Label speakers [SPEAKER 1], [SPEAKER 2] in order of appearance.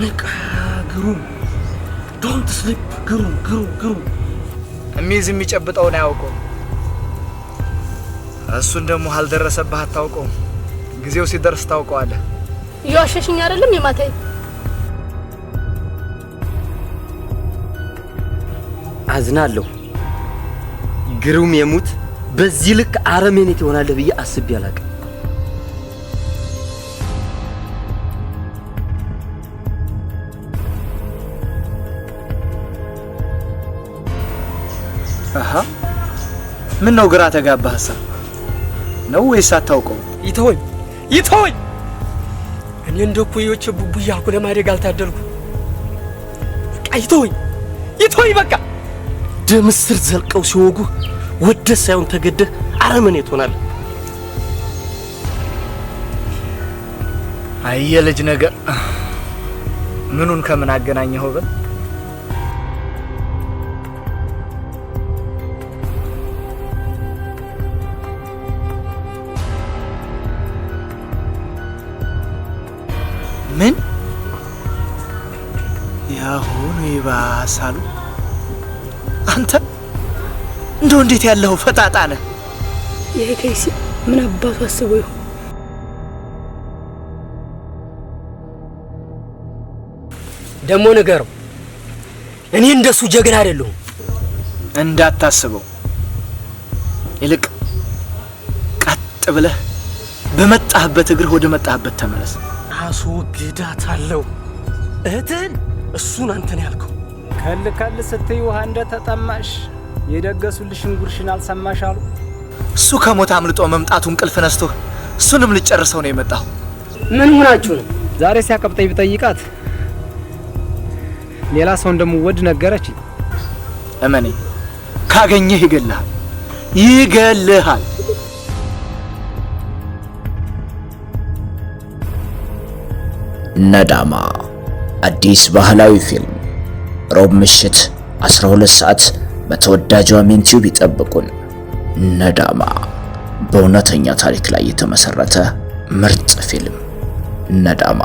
[SPEAKER 1] ንቃ ግሩም፣ ዶንት ስሊፕ ግሩም፣ ግሩም፣ ግሩም።
[SPEAKER 2] እሚይዝ የሚጨብጠውን አያውቀውም። እሱን ደግሞ አልደረሰብህ አታውቀውም። ጊዜው ሲደርስ ታውቀዋለህ።
[SPEAKER 3] እየዋሸሽኝ አይደለም የማታይ
[SPEAKER 1] አዝናለሁ። ግሩም የሙት በዚህ ልክ አረመኔት ይሆናለህ ብዬ አስቤ አላውቅም።
[SPEAKER 4] ምን ነው ግራ ተጋባ ሀሳብ ነው ወይስ አታውቀው?
[SPEAKER 1] ይተወኝ ይተወኝ። እኔ እንደ እኩዮቼ ቡቡያ እኮ ለማደግ አልታደልኩ። በቃ ይተወኝ ይተወኝ። በቃ ደም ስር ዘልቀው ሲወጉ ወደ ሳይሆን ተገደህ አረመኔ ትሆናለህ።
[SPEAKER 4] አየ ልጅ ነገር ምኑን ከምን አገናኘኸው በል ምን ያሁኑ ይባሳሉ።
[SPEAKER 1] አንተ እንደው እንዴት ያለው ፈጣጣ ነህ።
[SPEAKER 3] ይሄ ከይሲ ምን አባቱ አስቦ ይሆን?
[SPEAKER 1] ደግሞ ንገረው፣ እኔ እንደሱ ጀግና አይደለሁም።
[SPEAKER 4] እንዳታስበው ይልቅ ቀጥ ብለህ በመጣህበት እግርህ ወደ መጣህበት ተመለስ።
[SPEAKER 1] አስወግዳታለሁ። እህትህን እሱን አንተን ያልከው
[SPEAKER 5] ከል ከል ስትይ ውሃ እንደ ተጠማሽ የደገሱልሽን ጉርሽን አልሰማሽ አሉ።
[SPEAKER 1] እሱ ከሞት አምልጦ መምጣቱ እንቅልፍ ነስቶ እሱንም ልጨርሰው ነው የመጣሁ።
[SPEAKER 4] ምን ሆናችሁ ነው?
[SPEAKER 5] ዛሬ ሲያቀብጠኝ ብጠይቃት ሌላ ሰው እንደምወድ ነገረች።
[SPEAKER 4] እመኔ ካገኘህ ይገልሃል፣ ይገልሃል።
[SPEAKER 6] ነዳማ አዲስ ባህላዊ ፊልም ሮብ ምሽት 12 ሰዓት በተወዳጇ ሚንቲዩብ ይጠብቁን። ነዳማ በእውነተኛ ታሪክ ላይ የተመሰረተ ምርጥ ፊልም ነዳማ።